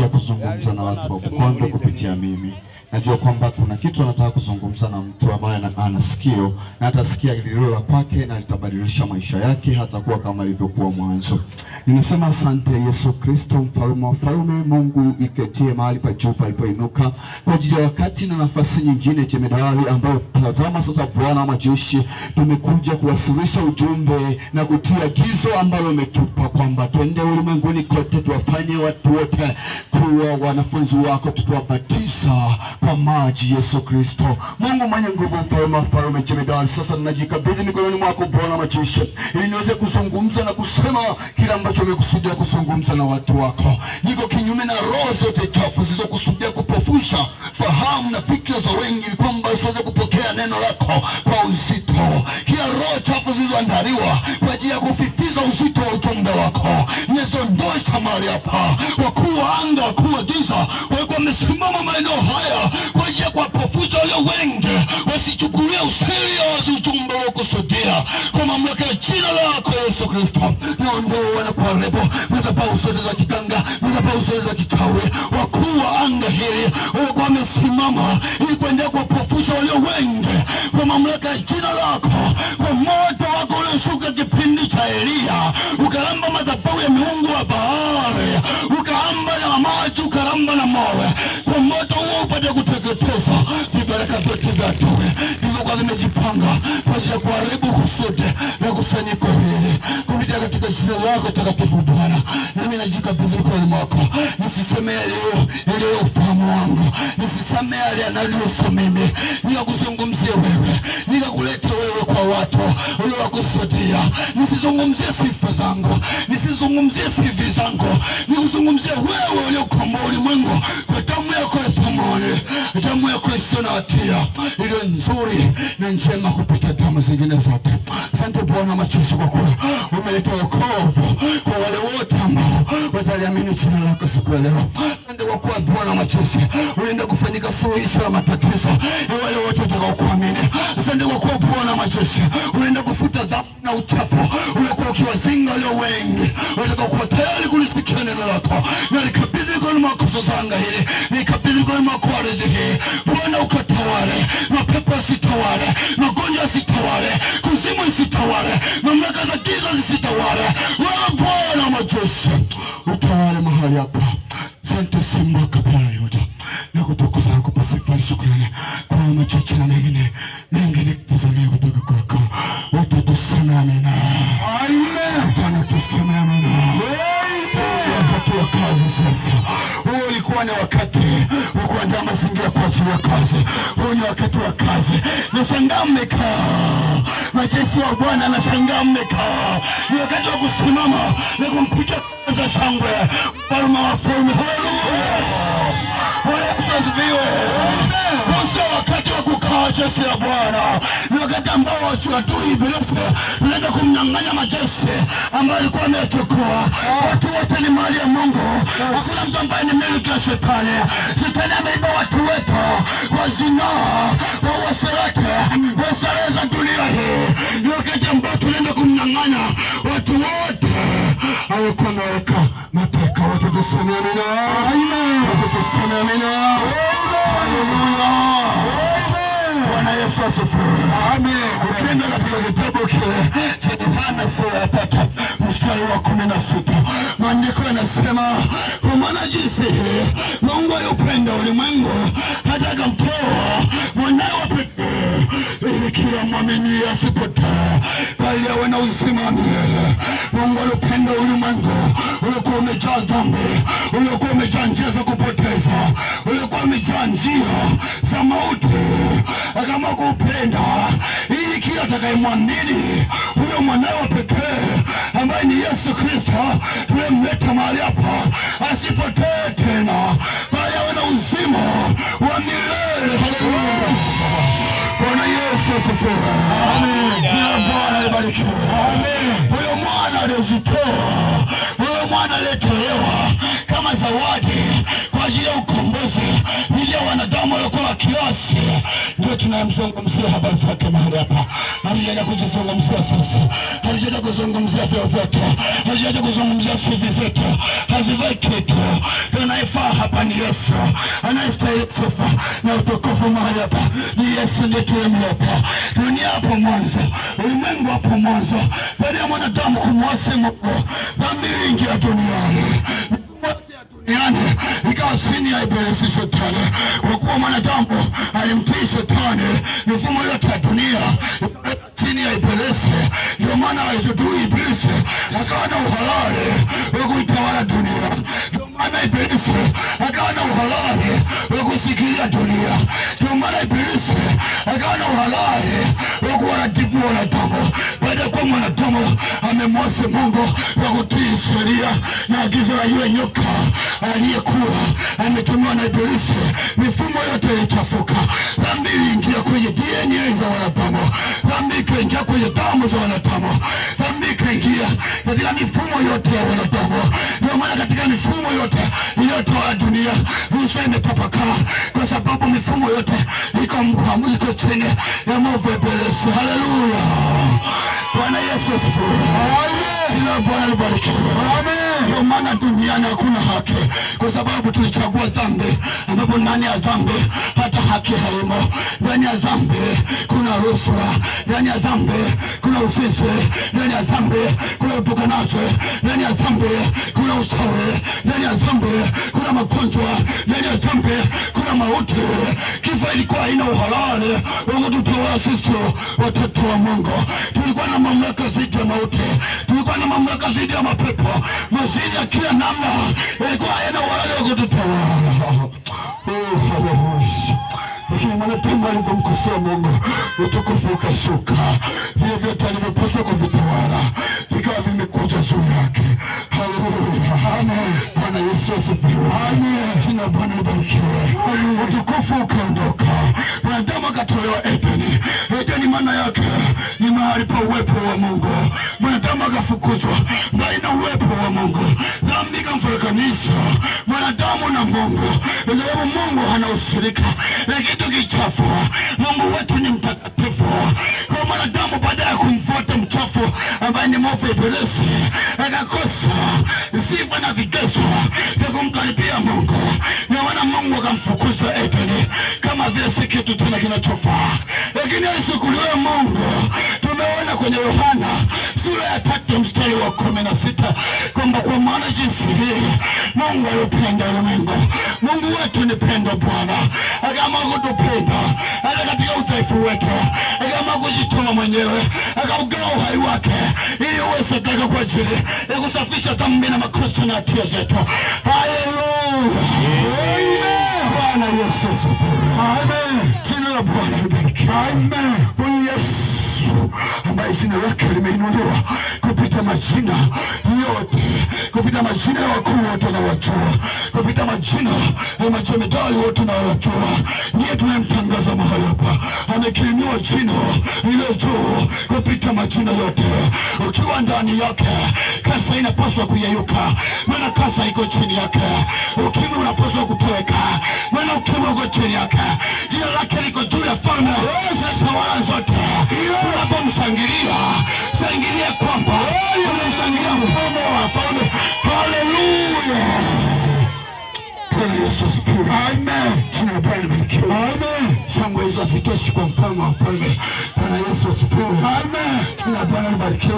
ya kuzungumza na watu wa Bukondo kupitia mimi najua kwamba kuna kitu anataka kuzungumza na mtu ambaye ana sikio na atasikia lililo la kwake na litabadilisha maisha yake, hatakuwa kama alivyokuwa mwanzo. Ninasema asante Yesu Kristo, mfalme wa falme, Mungu iketie mahali pa juu palipoinuka, kwa ajili ya wakati na nafasi nyingine jemedari, ambayo tazama sasa, Bwana wa majeshi, tumekuja kuwasilisha ujumbe na kutia gizo ambalo umetupa kwamba twende ulimwenguni kote tuwafanye watu wote kuwa wanafunzi wako, tutawabatiza kwa maji Yesu Kristo. Mungu mwenye nguvu, mfalme wa falme jemedari, sasa ninajikabidhi mikononi mwako Bwana Majeshe, ili niweze kuzungumza na kusema kila ambacho umekusudia kuzungumza na watu wako. Niko kinyume na roho zote chafu zilizokusudia kupofusha fahamu na fikra za wengi, ili kwamba usiweze kupokea neno lako kwa uzito. Kila roho chafu zilizoandaliwa kwa ajili ya kufifiza uzito wa ujumbe wako nazondosha mahali hapa, wakuu wa anga, wakuu wa giza wamesimama maeneo haya kwa ajili ya kuwapofuza walio wengi wasichukulia usiri wasiuchumba wakusudia. Kwa mamlaka ya jina lako Yesu Kristo, niondoe wanakuharibu madhabahu zote za kiganga, madhabahu zote za kichawi. Wakuu wa anga hili wako wamesimama ili kuendelea kuwapofuza walio wengi kwa mamlaka ya jina lako, kwa moto wako ulioshuka kipindi cha Eliya madhabahu ya miungu wa bahari, ukaamba na maji, ukaramba na mawe, kwa moto huo upate kuteketeza vibaraka vyote vya adui vilivyokuwa vimejipanga kwa ajili ya kuharibu kusudi na kusanyiko hili kupitia katika jina lako takatifu Bwana, nami najikabidhi mikononi mwako, nisiseme yaliyo yaliyo ufahamu wangu, nisiseme yale yanayonihusu mimi, nikakuzungumzie wewe, nikakuleta kwa watu uliowakusudia. Nisizungumzie sifa zangu, nisizungumzie fivi zangu, nikuzungumzie wewe uliokomboa ulimwengu kwa damu yako ya thamani, damu yako isiyo na hatia iliyo nzuri na njema kupita damu zingine zote. Asante Bwana machozi, kwa kuwa umeleta wokovu kwa wale wote ambao wataliamini jina lako siku ya leo. Asante kwa kuwa Bwana machozi ulienda kufanyika suluhisho ya matatizo unaenda kuwa na machozi, unaenda kufuta dhambi na uchafu uliokuwa ukiwazinga walio wengi. Unataka kuwa tayari kulisikia neno lako na likabidhi mikononi mwako sasa. Anga hili nikabidhi mikononi mwako, ardhi hii Bwana ukatawale, mapepo asitawale, magonjwa asitawale, kuzimu isitawale, mamlaka za giza zisitawale, Wewe Bwana machozi utawale mahali hapa. machache na mengine mengi nikutazamia kutoka kwako, utatusema amina, Bwana tuseme amina. Wakati wa kazi sasa, huo ulikuwa ni wakati wa kuandaa mazingira kwa ajili ya kazi. Huu ni wakati wa kazi. Nashangaa mmekaa majeshi wa Bwana, nashangaa mmekaa. Ni wakati wa kusimama na kumpiga za shangwe Mfalme wa Wafalme. Haleluya! Bwana asifiwe kukaa jeshi la Bwana. Ni wakati ambao adui ibilisi tunaenda kumnyang'anya majeshi ambayo alikuwa amechukua. Watu wote ni mali ya Mungu, hakuna mtu ambaye ni miliki ya Shetani. Shetani ameiba watu wetu wa zinaa, wa uasherati, wa starehe za dunia hii. Ni wakati ambao tunaenda kumnyang'anya watu wote alikuwa ameweka mateka. Watu tuseme amina. tunaenda kwenye kitabu kile cha Yohana sura ya tatu mstari wa kumi na sita maandiko yanasema, kwa maana jinsi Mungu aliupenda ulimwengu hata akamtoa mwanae wa pekee, ili kila mwamini asipotee, bali awe na uzima wa milele. Mungu aliupenda ulimwengu uliokuwa umejaa dhambi, uliokuwa umejaa njia za kupoteza, uliokuwa umejaa njia za mauti, akaamua kuupenda atakayemwamini huyo mwanawe pekee ambaye ni Yesu Kristo tuliyemleta mahali hapa asipotee tena, bali awe na uzima wa milele. Bwana Yesu asifiwe. Amen. Huyo mwana aliyozitoa, huyo mwana aliyetolewa kama zawadi kiasi ndio tunayemzungumzia habari zake mahali hapa. Alijaja kujizungumzia sisi, alijaja kuzungumzia vyo vyetu, alijaja kuzungumzia sivi zetu, hazivai kitu. Anayefaa hapa ni Yesu, anayestahili sifa na utukufu mahali hapa ni Yesu, ndiye tuliyemleta. Dunia hapo mwanzo, ulimwengu hapo mwanzo, baada ya mwanadamu kumwasi Mungu, dhambi iliingia duniani yani ikawa chini ya ibilisi shetani, kwa kuwa mwanadamu alimtii shetani. Mifumo yote ya dunia chini ya ibilisi, ndio maana adui ibilisi akawa na uhalali wa kuitawala dunia, ndio maana ibilisi akawa na uhalali wa kusikilia dunia, ndio maana ibilisi akawa na uhalali wa kuwaratibu wanadamu baada ya kuwa mwanadamu mwanadamu amemwasi Mungu kwa kutii sheria na agizo la yule nyoka aliyekuwa ametumiwa na Ibilisi. Mifumo yote ilichafuka, dhambi iliingia kwenye DNA za wanadamu, dhambi ikaingia kwenye damu za wanadamu, dhambi ikaingia katika mifumo yote ya wanadamu. Ndio maana katika mifumo yote iliyotawala dunia rushwa imetapakaa, kwa sababu mifumo yote iko mkwamu, iko chini ya maovu ya Ibilisi. Haleluya! Bwana Yesu asifiwe. Jina la Bwana libarikiwe. Amen. Ndio maana duniani hakuna haki, kwa sababu tulichagua dhambi, ambapo ndani ya dhambi hata haki haimo. Ndani ya dhambi kuna rushwa, ndani ya dhambi kuna ufisi, ndani ya dhambi kuna utukanacho, ndani ya dhambi kuna uchawi, ndani ya dhambi kuna magonjwa, ndani ya dhambi kuna mauti. Kifo ilikuwa haina uhalali wakatutawala sisi watoto wa Mungu, tulikuwa na mamlaka dhidi ya mauti, tulikuwa na mamlaka dhidi ya mapepo Mazingira ya kila namna ilikuwa haina uwezo wa kututoa lakini mwanadamu alivyomkosoa Mungu utukufu ukashuka, vile vyote alivyopaswa kuvitawala vikawa vimekuja juu yake. Bwana Yesu asifiwe, jina Bwana libarikiwe. Utukufu ukaondoka, mwanadamu akatolewa Edeni. Edeni maana yake ni mahali pa uwepo wa Mungu. Mwanadamu akafukuzwa Mungu. Dhambi ikamfurikanisha mwanadamu na Mungu, kwa sababu Mungu hana ushirika na kitu kichafu. Mungu wetu ni mtakatifu. Kwa mwanadamu baada ya kumfuata mchafu ambaye ni mwovu Ibilisi, akakosa sifa na vigezo vya kumkaribia Mungu, na wana Mungu akamfukuza Edeni kama vile si kitu tena kinachofaa, lakini alichukuliwa Mungu tunaona kwenye Yohana sura ya tatu mstari wa kumi na sita kwamba kwa maana jinsi hii Mungu alipenda ulimwengu. Mungu wetu ni pendo. Bwana akaamua kutupenda hata katika udhaifu wetu, akaamua kujitoa mwenyewe, akaugawa uhai wake ili uwe sadaka kwa ajili ya kusafisha dhambi na makosa na hatia zetu. Haleluya! Bwana Yesu asifiwe. Amen. Jina la Bwana libarikiwe. Amen. Yesu Yesu ambaye jina lake limeinuliwa kupita majina yote, kupita majina ya wakuu wote wanaowajua, kupita majina ya majemadari wote wanaowajua. Yeye tunayemtangaza mahali hapa amekiinua jina lile juu kupita majina yote. Ukiwa ndani yake, kasa inapaswa kuyeyuka, maana kasa iko chini yake. Ukimwi unapaswa kutoweka, maana ukimwi uko chini yake. kushangilia, shangilia kwamba unamshangilia mfalme wa wafalme. Haleluya, Bwana Yesu asifiwe. Amen, Amen, shangwe hizo hazitoshi kwa mfalme wa wafalme. Bwana Yesu asifiwe. Jina Bwana libarikiwe.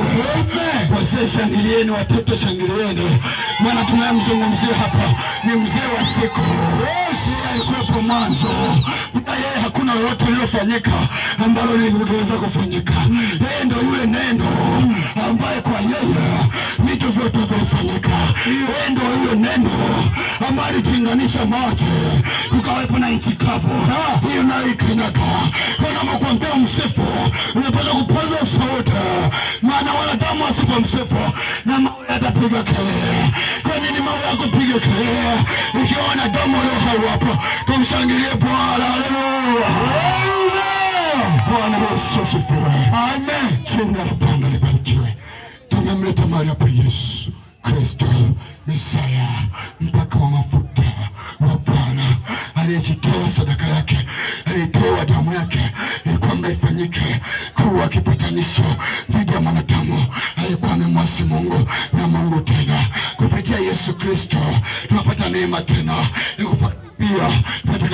Wazee shangilieni, watoto shangilieni, maana tunayemzungumzia hapa ni mzee wa siku. Yeye alikuwepo mwanzo, bila yeye hakuna lolote lilofanyika ambalo lingeweza kufanyika. Yeye ndio yule neno ambaye kwa yeye vitu vyote vilifanyika. Yeye ndio yule neno ambaye alitenganisha maji kukawepo na nchi kavu, hiyo nayo ikanyaga. Anavyokuambia msifu unapata wanapaza sauti, maana wanadamu asipomsifu na mawe yatapiga kelele. Kwa nini mawe yakupiga kelele ikiwa wanadamu walio hai wapo? Tumshangilie Bwana, haleluya! Bwana Yesu asifiwe, amen. Chini ya panda libarikiwe, tumemleta mahali hapa Yesu Kristo Misaya, mpaka wa mafuta wa Bwana aliyejitoa sadaka yake, alitoa damu yake ili kwamba ifanyike alikuwa kipatanisho dhidi ya mwanadamu, alikuwa amemwasi Mungu na Mungu tena kupitia Yesu Kristo tunapata neema tena nikupia